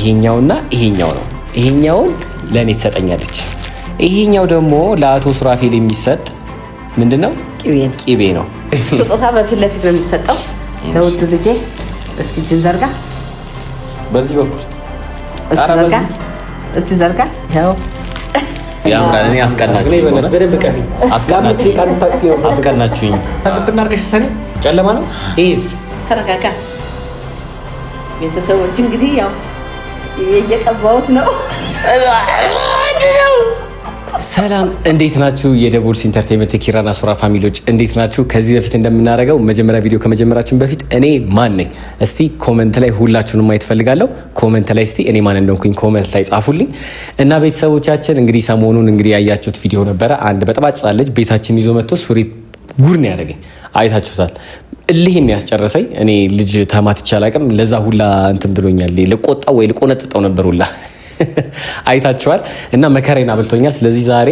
ይሄኛውና ይሄኛው ነው። ይሄኛውን ለእኔ ትሰጠኛለች። ይሄኛው ደግሞ ለአቶ ሱራፌል የሚሰጥ ምንድን ነው? ቂቤ ነው። ስጦታ በፊት ለፊት ነው የሚሰጠው ለውዱ ልጄ። እስኪ እጅን ዘርጋ፣ በዚህ በኩል እስኪ ዘርጋ። ይኸው ያምራል። እኔ አስቀናችሁኝ፣ አስቀናችሁኝ። ጨለማ ነው። ይሄስ ተረጋጋ። ቤተሰቦች እንግዲህ ያው እየቀባሁት ነው። ሰላም እንዴት ናችሁ? የደቦልስ ኢንተርቴንመንት የኪራና ሱራ ፋሚሊዎች እንዴት ናችሁ? ከዚህ በፊት እንደምናደርገው መጀመሪያ ቪዲዮ ከመጀመራችን በፊት እኔ ማን ነኝ እስቲ ኮመንት ላይ ሁላችሁንም ማየት ፈልጋለሁ። ኮመንት ላይ እስቲ እኔ ማን እንደሆንኩኝ ኮመንት ላይ ጻፉልኝ እና ቤተሰቦቻችን እንግዲህ ሰሞኑን እንግዲህ ያያችሁት ቪዲዮ ነበረ። አንድ በጠባጭ ልጅ ቤታችን ይዞ መጥቶ ሱሪ ጉድ ነው ያደረገኝ። አይታችሁታል። እልህ የሚያስጨርሰኝ እኔ ልጅ ተማት ይቻላቅም ለዛ ሁላ እንትን ብሎኛል። ልቆጣ ወይ ልቆነጥጠው ነበር ሁላ አይታችኋል። እና መከራዬን አብልቶኛል። ስለዚህ ዛሬ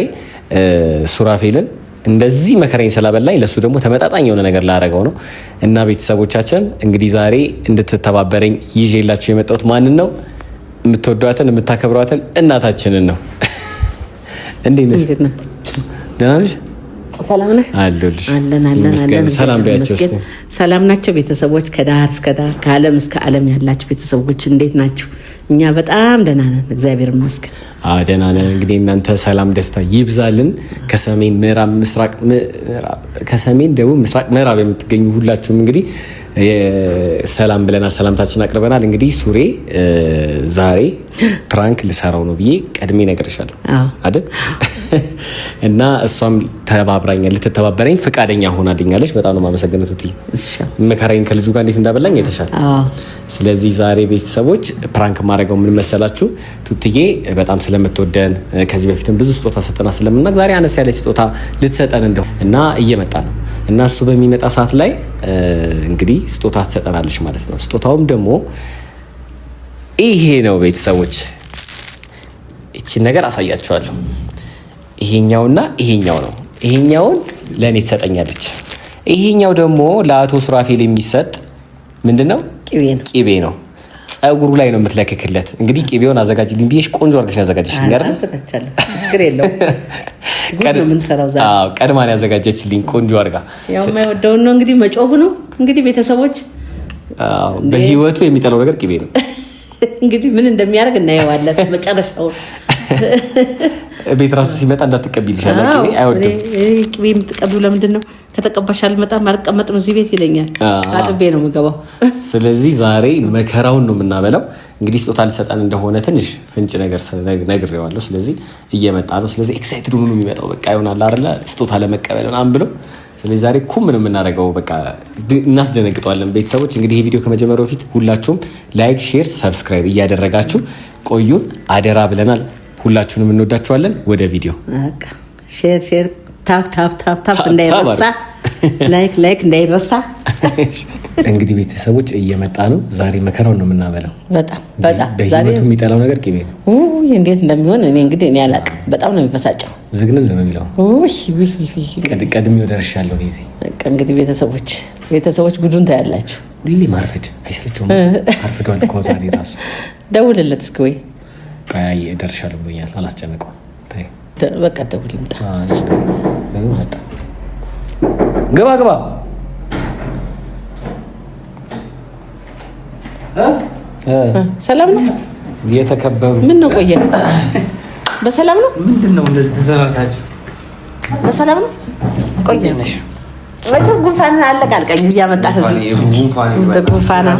ሱራፌልን እንደዚህ መከራኝ ስላበላኝ ለእሱ ደግሞ ተመጣጣኝ የሆነ ነገር ላረገው ነው። እና ቤተሰቦቻችን እንግዲህ ዛሬ እንድትተባበረኝ ይዤላቸው የመጣሁት ማንን ነው? የምትወዷትን የምታከብሯትን እናታችንን ነው። እንዴት ነሽ? ደህና ነሽ? ሰላም ነህ? አለን አለን። ሰላም ናቸው ቤተሰቦች፣ ከዳር እስከ ዳር ከዓለም እስከ ዓለም ያላችሁ ቤተሰቦች እንዴት ናችሁ? እኛ በጣም ደህና ነን፣ እግዚአብሔር ይመስገን ደህና ነን። እንግዲህ እናንተ ሰላም ደስታ ይብዛልን። ከሰሜን ምዕራብ፣ ምስራቅ፣ ከሰሜን ደቡብ፣ ምስራቅ፣ ምዕራብ የምትገኙ ሁላችሁም እንግዲህ ሰላም ብለናል፣ ሰላምታችን አቅርበናል። እንግዲህ ሱሬ ዛሬ ፕራንክ ልሰራው ነው ብዬ ቀድሜ ነግርሻለሁ አይደል? እና እሷም ተባብራኛ ልትተባበረኝ ፈቃደኛ ሆናልኛለች። በጣም ነው የማመሰግነው። ቲ መከራዬን ከልጁ ጋር እንዴት እንዳበላኝ የተሻለ። ስለዚህ ዛሬ ቤተሰቦች ፕራንክ ማድረገው ምን መሰላችሁ? ቱትዬ በጣም ስለምትወደን ከዚህ በፊትም ብዙ ስጦታ ሰጠና ስለምናቅ ዛሬ አነስ ያለች ስጦታ ልትሰጠን እንደው እና እየመጣ ነው እና እሱ በሚመጣ ሰዓት ላይ እንግዲህ ስጦታ ትሰጠናለች ማለት ነው። ስጦታውም ደግሞ ይሄ ነው ቤተሰቦች፣ እቺን ነገር አሳያችኋለሁ። ይሄኛውና ይሄኛው ነው። ይሄኛውን ለእኔ ትሰጠኛለች። ይሄኛው ደግሞ ለአቶ ሱራፌል የሚሰጥ ምንድን ነው? ቅቤ ነው። ጸጉሩ ላይ ነው የምትለክክለት። እንግዲህ ቂቤውን አዘጋጅ ልንብሽ፣ ቆንጆ አርገሽ ያዘጋጀሽ ቀድማን ያዘጋጀችልኝ ቆንጆ አርጋ ነው እንግዲህ መጮሁ ነው እንግዲህ ቤተሰቦች በህይወቱ የሚጠላው ነገር ቂቤ ነው። እንግዲህ ምን እንደሚያደርግ እናየዋለን። መጨረሻው ቤት ራሱ ሲመጣ እንዳትቀቢልሻል። አይወድም። ቅቤ የምትቀቢው ለምንድን ነው? ከተቀባሽ አልመጣም አልቀመጥም እዚህ ቤት ይለኛል። አጥቤ ነው የምገባው። ስለዚህ ዛሬ መከራውን ነው የምናበላው። እንግዲህ ስጦታ ሊሰጠን እንደሆነ ትንሽ ፍንጭ ነገር ነግሬዋለሁ። ስለዚህ እየመጣ ነው። ስለዚህ ኤክሳይትድ ሆኖ ነው የሚመጣው። በቃ ይሆናል አይደለ? ስጦታ ለመቀበል ምናምን ብለው ስለዚህ ዛሬ ኩም ነው የምናደርገው፣ በቃ እናስደነግጠዋለን። ቤተሰቦች እንግዲህ ይህ ቪዲዮ ከመጀመሪያው በፊት ሁላችሁም ላይክ፣ ሼር፣ ሰብስክራይብ እያደረጋችሁ ቆዩን አደራ ብለናል። ሁላችሁንም እንወዳችኋለን። ወደ ቪዲዮ ሼር ሼር ታፕ ታፕ ታፕ ታፕ እንዳይረሳ፣ ላይክ ላይክ እንዳይረሳ። እንግዲህ ቤተሰቦች እየመጣ ነው። ዛሬ መከራውን ነው የምናበላው። በጣም በጣም በህይወቱ የሚጠላው ነገር ቅቤ ነው። ይህ እንዴት እንደሚሆን እኔ እንግዲህ እኔ አላቅም። በጣም ነው የሚበሳጨው። ዝግልል ነው የሚለው ቀድሜ ወደ እርሻ እንግዲህ ቤተሰቦች ቤተሰቦች ጉዱን ታያላችሁ። ሁሌ ማርፈድ አይሰለቸውም። አርፍዷል እኮ ዛሬ ራሱ ደውልለት እስኪ ወይ ደርሻለሁ ብሎኛል። አላስጨንቀውም። በቃ ደውል ልምጣ። ግባ ግባ ሰላም ነው የተከበሩ ምን ነው? ቆየ በሰላም ነው? ምንድን ነው እንደዚህ ተሰራርታችሁ? በሰላም ነው? ቆየ ነሽ ጉንፋን አለቃልቀኝ እያመጣህ እዚህ ጉንፋን ነው?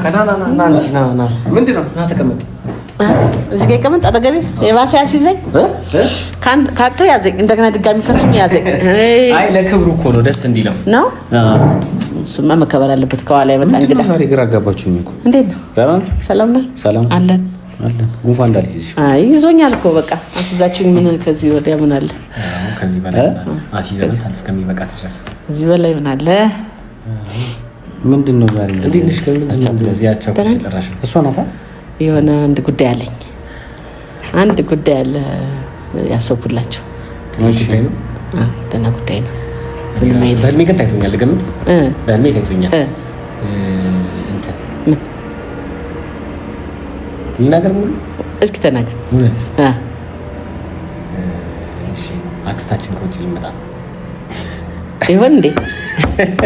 እዚህ ጋ ይቀመጥ አጠገቤ። የባሰ ያስይዘኝ ከአንተ ያዘኝ፣ እንደገና ድጋሚ ከሱም ያዘኝ። አይ ለክብሩ እኮ ነው፣ ደስ እንዲለው ነው። ስማ መከበር አለበት። ከኋላ የመጣ እንግዳ ግራ አጋባችሁኝ እኮ። እንዴት ነው? ሰላም ነው? ሰላም አለን ጉንፋን እንዳልይዝሽ። አይ ይዞኛል እኮ በቃ አስይዛችሁኝ። ምን ከዚህ ወዲያ ምን አለ? ከዚህ በላይ ምን አለ? ምንድን ነው ዛሬ የሆነ አንድ ጉዳይ አለኝ። አንድ ጉዳይ አለ ያሰብኩላችሁ። ደህና ጉዳይ ነው። በህልሜ ግን ታይቶኛል። ግምት በህልሜ ታይቶኛል ልናገር ሙሉ እስኪ ተናገር። እውነት አክስታችን ከውጭ ልመጣ ይሆን እንዴ?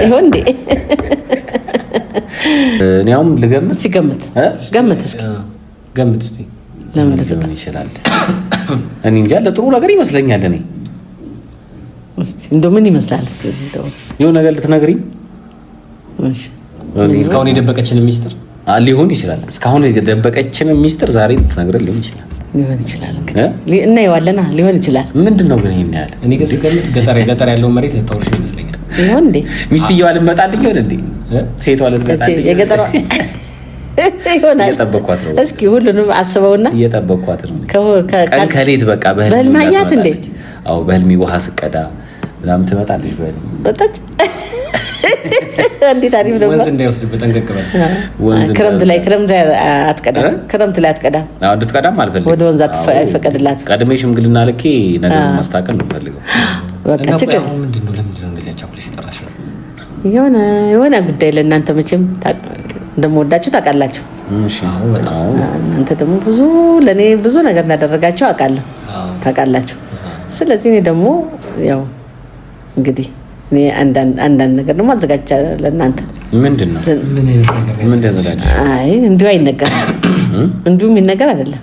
ይሆን እንዴ? እኔ ልገምት። እስኪ ገምት፣ ገምት፣ እስኪ ገምት እስኪ። ለምን ልትጠ ይችላል? እኔ እንጃ። ለጥሩ ነገር ይመስለኛል። እኔ እንደ ምን ይመስላል? የሆነ ነገር ልትነግሪኝ እስካሁን የደበቀችን ሚስጥር ሊሆን ይችላል። እስካሁን የደበቀችንን ሚስጥር ዛሬ ልትነግረን ሊሆን ይችላል ሊሆን ይችላል ሊሆን ይችላል። ምንድን ነው ግን ይህን ያህል እኔ ግን ስገምት ገጠር ገጠር ያለውን መሬት ልታወርሽ ይመስለኛል። ይሆን እንዴ ሚስትየዋ ልትመጣልኝ ይሆን እንዴ? ሴቷ ልትመጣልኝ እስኪ ሁሉንም አስበውና እየጠበኳት ነው ቀን ከሌት በቃ በህልም ያት እንዴ? አዎ በህልሜ ውሃ ስቀዳ ምናምን ትመጣለች በህልሜ እንዴት አሪፍ ነው። ወንዝ እንዳይወስድብህ ጠንቀቅ በል። ክረምት ላይ ክረምት ላይ አትቀዳም፣ ክረምት ላይ አትቀዳም። አዎ እንድትቀዳም አልፈልግም። ወደ ወንዝ አይፈቀድላት። ቀድሜ ሽምግልና ልኬ ነገር ማስተካከል ነው የምፈልገው። በቃ ችግር ምንድን ነው? ለምንድን ነው እንደዚህ አቻኩለሽ የጠራሽው? የሆነ የሆነ ጉዳይ ለእናንተ መቼም እንደምወዳችሁ ታውቃላችሁ። እናንተ ደግሞ ብዙ ለእኔ ብዙ ነገር እንዳደረጋቸው አውቃለሁ ታውቃላችሁ። ስለዚህ እኔ ደግሞ ያው እንግዲህ አንዳንድ ነገር ደግሞ አዘጋጅቻለሁ ለእናንተ። ምንድን ነው እንዲሁ አይነገርም፣ እንዲሁ የሚነገር አይደለም።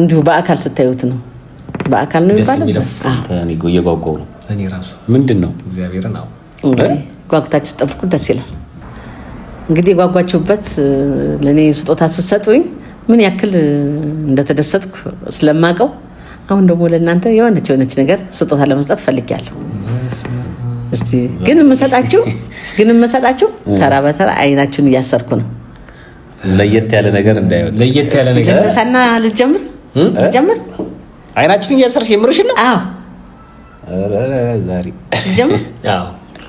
እንዲሁ በአካል ስታዩት ነው። በአካል ነው የሚባለው። እየጓጓሁ ነው። ምንድን ነው ጓጉታችሁ ደስ ይላል። እንግዲህ የጓጓችሁበት ለእኔ ስጦታ ስትሰጡኝ ምን ያክል እንደተደሰትኩ ስለማውቀው አሁን ደግሞ ለእናንተ የሆነች የሆነች ነገር ስጦታ ለመስጠት ፈልጊያለሁ። እስቲ ግን የምሰጣችሁ ግን የምሰጣችሁ ተራ በተራ አይናችሁን እያሰርኩ ነው። ለየት ያለ ነገር እንዳይሆን ለየት ያለ ነገር ሳና ልጀምር ልጀምር አይናችሁን እያሰርሽ የምርሽን ነው።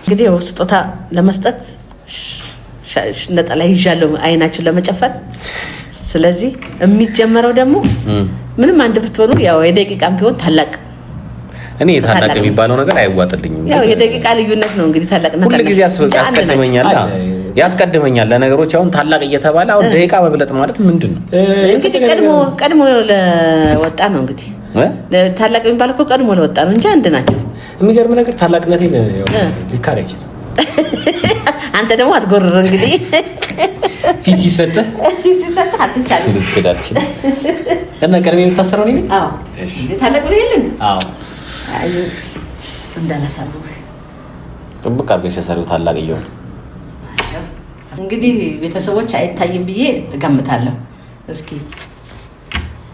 እንግዲህ ያው ስጦታ ለመስጠት ነጠላ ይዣለሁ አይናችሁን ለመጨፈን ስለዚህ የሚጀመረው ደግሞ ምንም አንድ ብትሆኑ ያው የደቂቃም ቢሆን ታላቅ እኔ ታላቅ የሚባለው ነገር አይዋጥልኝም። የደቂቃ ልዩነት ነው እንግዲህ ታላቅነት ሁሉ ጊዜ ያስቀድመኛል ያስቀድመኛል ለነገሮች። አሁን ታላቅ እየተባለ አሁን ደቂቃ መብለጥ ማለት ምንድን ነው? እንግዲህ ቀድሞ ቀድሞ ለወጣ ነው እንግዲህ ታላቅ የሚባል እኮ ቀድሞ ለወጣ ነው እንጂ አንድ ናቸው። የሚገርም ነገር ታላቅነቴ ሊካድ አይችልም። አንተ ደግሞ አትጎርር እንግዲህ ፊት ሲሰጥህ ፊት ሲሰጥህ አትቻልም። ትክክዳችን እና ቀድሜ የምታሰረው ነው። አዎ ታለቁ ይልን እንዳላሰሩ ጥብቅ አድርገሽ ሰሪው ታላቅ እየሆነ እንግዲህ ቤተሰቦች አይታይም ብዬ እገምታለሁ። እስኪ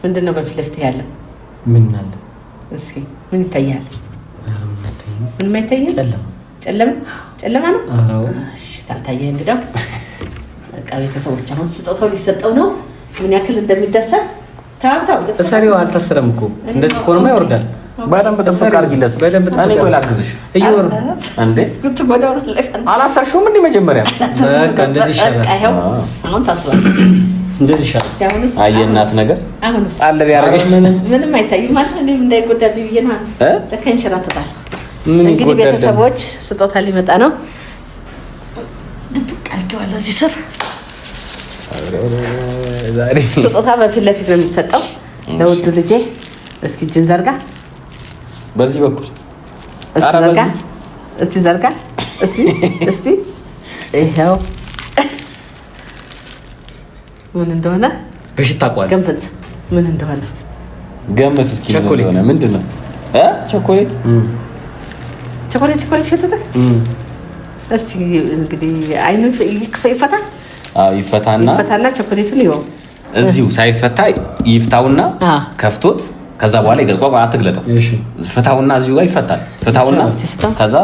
ምንድን ነው በፊት ለፊት ያለው ምን አለ? እስኪ ምን ይታያል? ምንም አይታይም። ጨለማ ጨለማ ነው ካልታየ እንግዳው በቃ ቤተሰቦች አሁን ስጦታው ሊሰጠው ነው። ምን ያክል እንደሚደሰት ሰሪው አልታሰረም እኮ እንደዚህ ከሆነማ ይወርዳል። በደንብ ጥብቅ አድርጊለት። በደንብ እኔ ቆይ ላግዝሽ። አላሰርሽውም እንዴ? መጀመሪያ በቃ እንደዚህ ይሻላል። አሁን ታስባለህ፣ እንደዚህ ይሻላል። አየህ እናት ነገር አለ ቢያደርገሽ ምንም አይታይም ማለት እኔም እንዳይጎዳብኝ ብዬሽ ነው። ለካ ይንሸራተታል። እንግዲህ ቤተሰቦች ስጦታ ሊመጣ ነው። ድብቅ አድርጌዋለሁ እዚህ ስር ስጦታ በፊት ለፊት ነው የሚሰጠው ለውዱ ልጄ። እስኪ እጅን ዘርጋ፣ በዚህ በኩል ዘርጋ፣ እስቲ ዘርጋ፣ እስቲ ይኸው ምን እንደሆነ በሽታ ቋል ገንፍት ምን እንደሆነ ገመት እስኪ ቸኮሌት ምንድን ነው? ቸኮሌት ቸኮሌት ቸኮሌት ሸተተ። እስቲ እንግዲህ አይኑ ይፈታል ይፈታና ይፈታና ቸኮሌቱን ይኸው እዚሁ ሳይፈታ ይፍታውና ከፍቶት ከዛ በኋላ ይገልቋ አትግለጠው፣ እሺ ፍታውና እዚሁ ጋር ይፈታል። ፍታውና ከዛ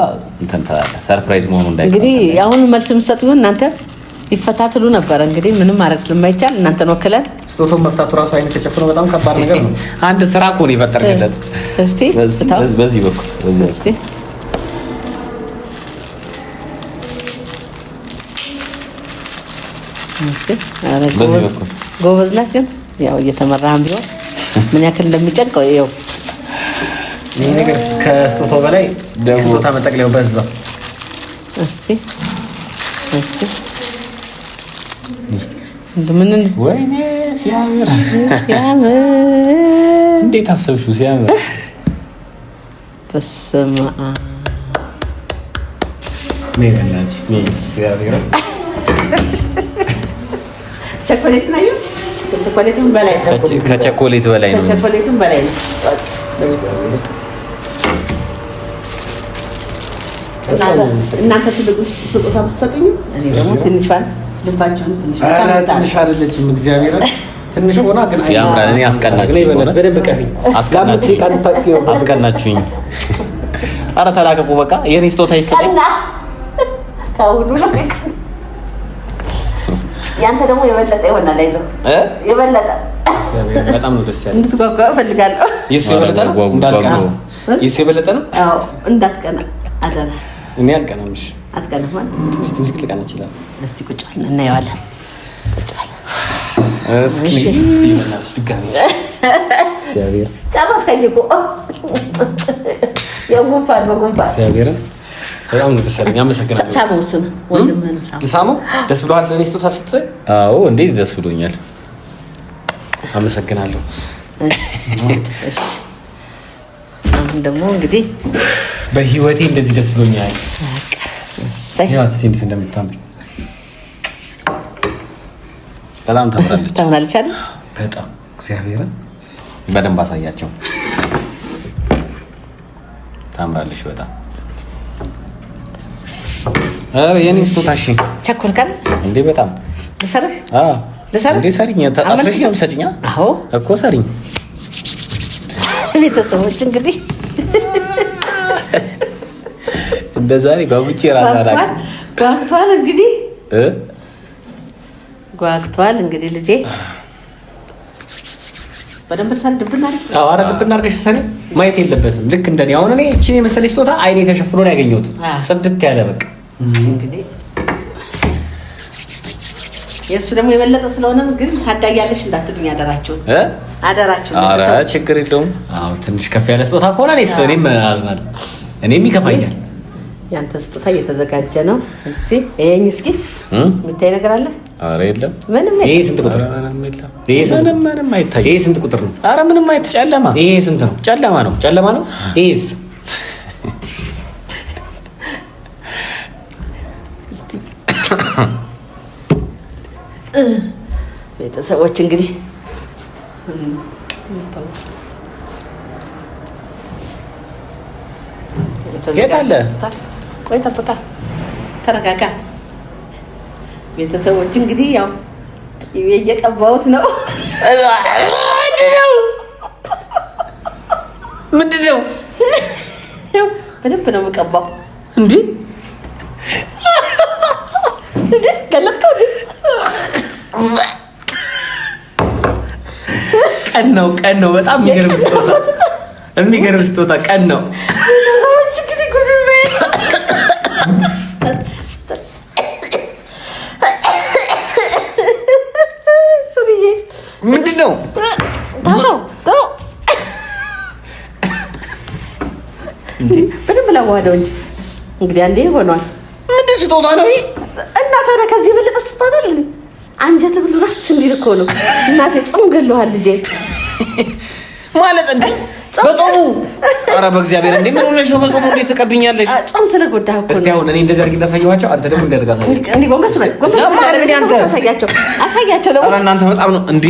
ሰርፕራይዝ መሆኑ እንዳይ እንግዲህ አሁን መልስ የምትሰጡ ይሆን እናንተ ይፈታትሉ ነበረ። እንግዲህ ምንም ማድረግ ስለማይቻል እናንተን ወክለን ስጦታውን መፍታቱ ራሱ አይነት ተጨፍነው በጣም ከባድ ነገር ነው። አንድ ስራ እኮ ነው የፈጠርክለት። እስቲ በዚህ በኩል እስቲ ግን ጎበዝ ናት። ግን ያው እየተመራህም ቢሆን ምን ያክል እንደሚጨንቀው ይኸው። ይህ ነገር ከስጦታው በላይ ስጦታ መጠቅለያው በዛ። እስኪ እስኪ ምን እንዴት አሰብሽው? ሲያምር በስመ አብ ሜሪያናት ሲያምር ቸኮሌት ነው በላይ ከቸኮሌት በላይ ነው። ከቸኮሌትም በላይ ነው። እናንተ ትልቁን ስጦታ ብትሰጡኝ እኔ ደግሞ ትንሿን ትንሽ ኧረ ተላቀቁ በቃ የኔ ስጦታ ይሰጠኝ ነው ያንተ ደግሞ የበለጠ ይሆናል። አይዞህ የበለጠ በጣም ነው ደስ ያለኝ። እንድትጓጓ እፈልጋለሁ። የእሱ የበለጠ ነው እንዳልቀና፣ የእሱ የበለጠ ነው እንዳትቀና አደራ። እኔ አልቀናም። እሺ አትቀናም ማለት ትንሽ ትንሽ ልቀና ይችላል። እስቲ ቁጭ አለ እናየዋለን። እስኪ ጨረስከኝ እኮ የጉንፋን በጉንፋን በጣም ነው ደስ ያለኝ። አመሰግናለሁ። ሳመው ስም ወንድምህን ሳሙ ደስ ብሎሃል ስለኔ ስጦታ ስትሰጥ? አዎ እንዴት ደስ ብሎኛል። አመሰግናለሁ። አሁን ደግሞ እንግዲህ በህይወቴ እንደዚህ ደስ ብሎኛል። እንዴት እንደምታምር በጣም ታምራለች። ታምራለች አይደል? በጣም እግዚአብሔርን በደንብ አሳያቸው። ታምራለች በጣም ኧረ የኔ ስጦታ እሺ። ቸኮልከን እንዴ? በጣም ልሰርህ። አዎ ልሰርህ እንዴ? ሰሪኝ አስረሽ ነው የምትሰጪኝ? አዎ እኮ ሰሪኝ። ቤተሰቦች እንግዲህ እንደ ዛሬ ጓጉቼ ራሳ ጓግቷል። እንግዲህ ጓግቷል። እንግዲህ ልጄ በደንብ ሳል ድብን አድርገሽ ሰሪ ማየት የለበትም። ልክ እንደኔ አሁን እኔ እቺን የመሰለኝ ስጦታ አይኔ ተሸፍኖ ነው ያገኘሁት። ጽድት ያለ በቃ እንግዲህ የእሱ ደግሞ የበለጠ ስለሆነም ግን ታዳያለች እንዳትሉኝ አደራቸውን አደራቸውን። ችግር የለውም። አዎ ትንሽ ከፍ ያለ ስጦታ ከሆነ እኔስ እኔም አዝናለሁ፣ እኔም ይከፋኛል። ያንተ ስጦታ እየተዘጋጀ ነው። ይሄኝ እስኪ የምታይ ነገር አለ? ኧረ የለም። ምንም ይሄ ስንት ቁጥር ምንም አይታይም። ይሄ ስንት ቁጥር ነው? ኧረ ምንም አይት ጨለማ። ይሄ ስንት ነው? ጨለማ ነው። ጨለማ ነው። ይሄስ ቤተሰቦች እንግዲህ ቆይ ጠብቃ ተረጋጋ። ቤተሰቦች እንግዲህ ያው ቂቤ እየቀባሁት ነው። ምንድን ነው? በደንብ ነው የምቀባው እንዲህ ቀን ነው ቀን ነው። በጣም የሚገርም ስጦታ የሚገርም ስጦታ ቀን ነው። ምንድን ነው በደንብ ላዋህደው እንጂ እንግዲህ አንዴ ሆኗል። ምንድን ስጦታ ነው እና ታዲያ ከዚህ የበለጠ ስጦታ ነው አንጀት ብሎ ራስ እንዲልኮ ነው እናቴ ጽሙ ገለዋል ልጄ ማለት እንዴ በጾሙ ኧረ በእግዚአብሔር እንዴ ምን ሆነሽ ነው? በጾሙ እንዴት ትቀብኛለሽ? ጾም ስለጎዳህ እኮ እስቲ አሁን እኔ እንደዚህ አድርጌ እንዳሳየኋቸው አንተ ደግሞ እንደዚህ አድርጋታለህ። እንዴ ጎንበስ በል ጎንበስ በል አንተ አሳያቸው አሳያቸው። ደግሞ ኧረ እናንተ በጣም ነው እንዴ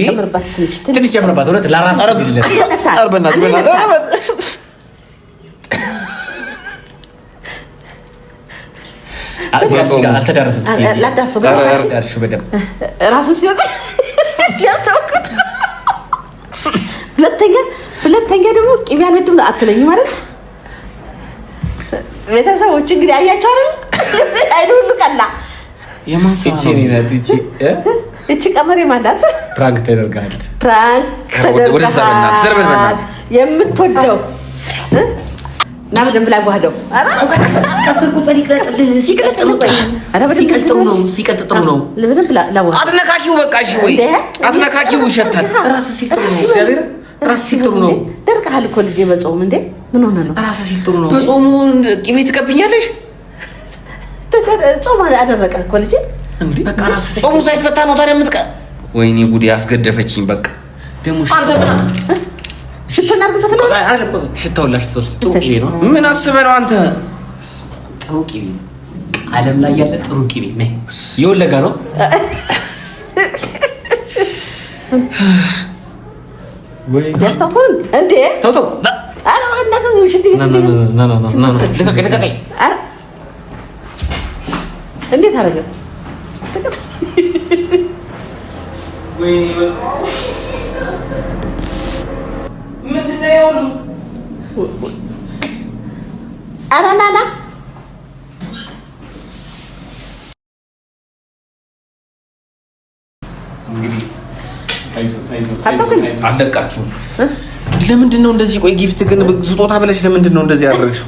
ትንሽ ጨምርባት። ሁለት ለራስ ቢልለ ኧረ በእናትህ በእናትህ አልተዳረሰም። ላዳርሰው በደምብ ራስን ሲወጣ ያልተውኩት ሁለተኛ ሁለተኛ ደግሞ ቅቤ አልወድም አትለኝ ማለት ቤተሰቦች እንግዲህ አያቸው አይደል? አይኑ ሁሉ ቀላ። እቺ ቀመር የማናት? ፕራንክ ተደርጋል። ፕራንክ ተደርጋል። የምትወደው እና በደንብ ላይ ጓደው ሲቀልጥሩ ነው ሲቀልጥሩ ነው። በቃ ወይ አትነካኪው ይሸታል። ራስ ሲል ጥሩ ነው። ደርቀሃል እኮ ልጄ በጾም እንዴ! ምን ሆነ ነው? ራስ ሲል ጥሩ ነው። በጾሙ ቅቤ ትቀብኛለሽ? ጾም አደረቀ እኮ ልጄ። በቃ ራስ ሲል ጾሙ ሳይፈታ ነው ታዲያ የምትቀ ወይኔ ጉዴ! አስገደፈችኝ። በቃ ደግሞ ሽታውላሽ ጥሩ ምን አስበህ ነው አንተ? ጥሩ ቅቤ ነው። ዓለም ላይ ያለ ጥሩ ቅቤ ነው። የወለጋ ነው። እንዴት አደረገ? ምንድን ነው የሆኑ? ኧረ አታው ለምንድን ነው እንደዚህ? ቆይ ጊፍት ግን ስጦታ ብለሽ ለምንድን ነው እንደዚህ ያደረግሽው?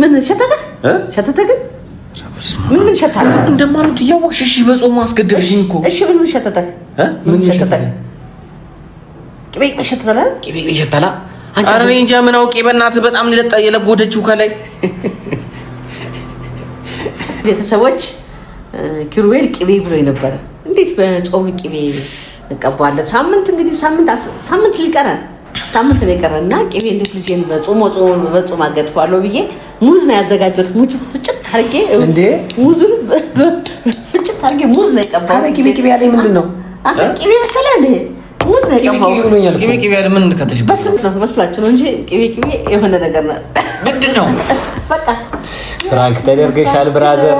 ምን ሸተተ ሸተተ? ግን ምን ምን ሸታለ? እንደማሉት እያወቅሽ እሺ። በጾም አስገደፍሽኝ እኮ እሺ። ምን ምን ሸተተ? ምን ሸተተ? ቅቤ ቅቤ ሸተተ ቅቤ ቅቤ ሸተተ። ኧረ እኔ እንጃ ምን አውቄ። በእናትህ በጣም የለጎደችው ከላይ ቤተሰቦች ኪሩቤል ቅቤ ብሎ ነበረ። እንዴት በጾም ቅቤ እንቀባዋለን። ሳምንት እንግዲህ ሳምንት ሊቀረን ሳምንት ነው የቀረን እና ቅቤ እንዴት ልጄን በጾም ጾም በጾም አገድፈዋለሁ ብዬ ሙዝ ነው ያዘጋጀሁት። ሙዝ ፍጭት አድርጌ ሙዙን ፍጭት አድርጌ ሙዝ ነው የቀባሁት። ቅቤ ቅቤ ያለኝ ምንድን ነው? ቅቤ መሰለህ እንዴ? ሙዝ ነው የቀባሁት። ቅቤ ቅቤ ያለ ምን ከተሽ በስመ ነው መስሏቸው ነው እንጂ ቅቤ ቅቤ የሆነ ነገር ነው ምንድን ነው በቃ ፕራንክ ተደርገሻል ብራዘር።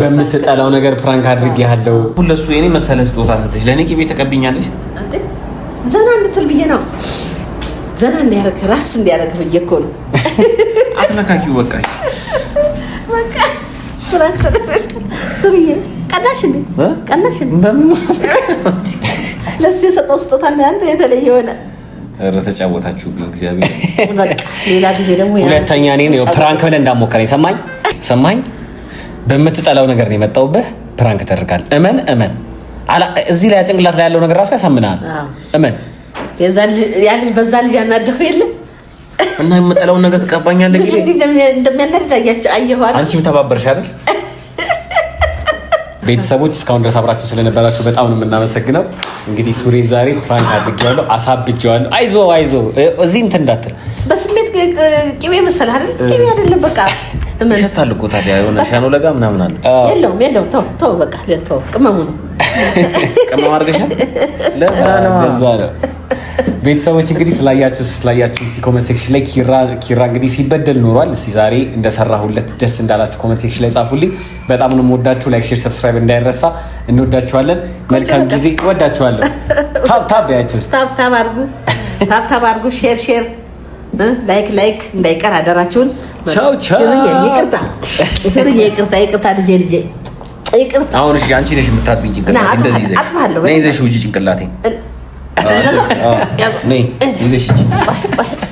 በምትጠላው ነገር ፕራንክ አድርጌሃለሁ። ሁለሱ የኔ መሰለ ስጦታ ስትሽ ለእኔ ቅቤ ተቀብኛለሽ። ዘና እንድትል ብዬ ነው። ዘና እንዲያደርግ ራስ እንዲያረግ ብዬ እኮ ነው። አትነካኪው። በቃ ቀናሽ ቀናሽ ለሱ የሰጠው ስጦታ አንድ የተለየ ሆነ። ተጫወታችሁብኝ። እግዚአብሔር ሁለተኛ እኔን ፕራንክ ብለህ እንዳሞከረኝ ሰማኝ ሰማኝ። በምትጠላው ነገር ነው የመጣሁብህ። ፕራንክ ተደርጋል። እመን እመን። እዚህ ላይ ጭንቅላት ላይ ያለው ነገር ራሱ ያሳምናል። እመን በዛ ልጅ ያናደፈው የለ እና የምጠላውን ነገር ትቀባኛለህ ጊዜ እንደሚያናድድ አየኋል። አንቺም ተባበርሽ አይደል ቤተሰቦች እስካሁን ድረስ አብራችሁ ስለነበራችሁ በጣም ነው የምናመሰግነው። እንግዲህ ሱሬን ዛሬ ፕራንክ አድርጌዋለሁ፣ አሳብጀዋለሁ። አይዞ አይዞ እዚህ እንትን እንዳትል በስሜት ቅቤ መሰል አይደል? ቅቤ አይደለም በቃ ይሸታል እኮ ታዲያ የሆነ ሻኖ ለጋ ምናምን አለ። የለውም የለውም፣ ተው ተው፣ በቃ ተው፣ ቅመሙ ነው ቅመም አድርገሻል። ለዛ ነው ለዛ ነው ቤተሰቦች እንግዲህ ስላያቸው ስላያቸው ኮመንት ሴክሽን ላይ ኪራ እንግዲህ ሲበደል ኖሯል። እስቲ ዛሬ እንደሰራሁለት ደስ እንዳላችሁ ኮመንት ሴክሽን ላይ ጻፉልኝ። በጣም ነው የምወዳችሁ። ላይክ፣ ሼር፣ ሰብስክራይብ እንዳይረሳ። እንወዳችኋለን። መልካም ጊዜ። እወዳችኋለሁ። ታብ ያቸው ታብ ታብታብ አድርጉ፣ ታብ አድርጉ። ሼር ሼር፣ ላይክ ላይክ እንዳይቀር አደራችሁን። ቻው ቻው። ይቅርታ ይቅርታ ይቅርታ ልጄ ልጄ ይቅርታ። አሁን እሺ፣ አንቺ ነሽ የምታጥቢኝ ጭንቅላት እንደዚህ ይዘሽ ውጪ ጭንቅላቴ nih